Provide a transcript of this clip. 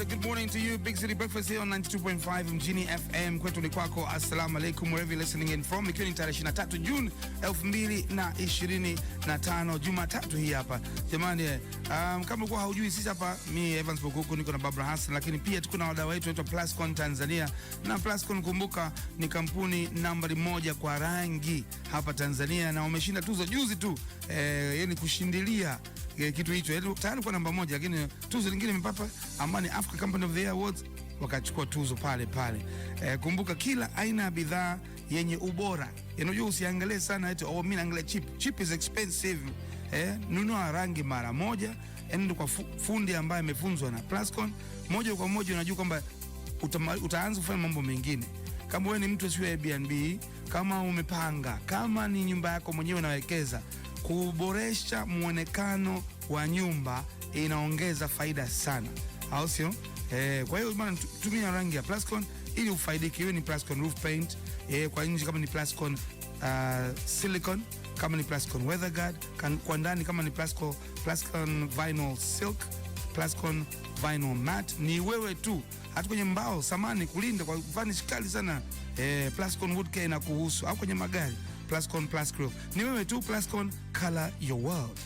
And a good morning to you. Big City Breakfast here on 92.5 Mjini FM. Kwetu ni kwako. Assalamu alaikum wherever you're listening in from. Ikiwa ni tarehe 23 Juni 2025 Jumatatu hii hapa. Jamani, um, kama ulikuwa haujui sisi hapa mi Evans Bokuku niko na Barbara Hassan, lakini pia tuko na wadau wetu wetu Plascon Tanzania. Na Plascon kumbuka ni kampuni nambari moja kwa rangi hapa Tanzania na wameshinda tuzo juzi tu. Eh, yani kushindilia Eh, kitu hicho yaani, tayari kwa namba moja, lakini tuzo lingine imepata Amani Africa Company of the Year Awards wakachukua tuzo pale pale. E, kumbuka kila aina ya bidhaa yenye ubora. Eh, unajua usiangalie sana eti oh, mimi naangalia cheap. Cheap is expensive. Eh, nunua rangi mara moja, enda yaani, kwa fundi ambaye amefunzwa na Plascon. Moja kwa moja unajua kwamba utaanza kufanya mambo mengine. Kama wewe ni mtu sio Airbnb, kama umepanga, kama ni nyumba yako mwenyewe unawekeza, kuboresha mwonekano wa nyumba inaongeza faida sana, au sio? Eh, kwa hiyo bwana, tumia rangi ya Plascon ili ufaidike. Iwe ni Plascon roof paint eh, kwa nje kama ni Plascon uh, silicon kama ni Plascon weatherguard kwa ndani kama ni Plascon, Plascon vinyl silk, Plascon vinyl mat Ni wewe tu, hata kwenye mbao samani kulinda kwa vanish kali sana eh, Plascon wood care inakuhusu, au kwenye magari Plascon Plus Number two, wewe Plascon, color your world.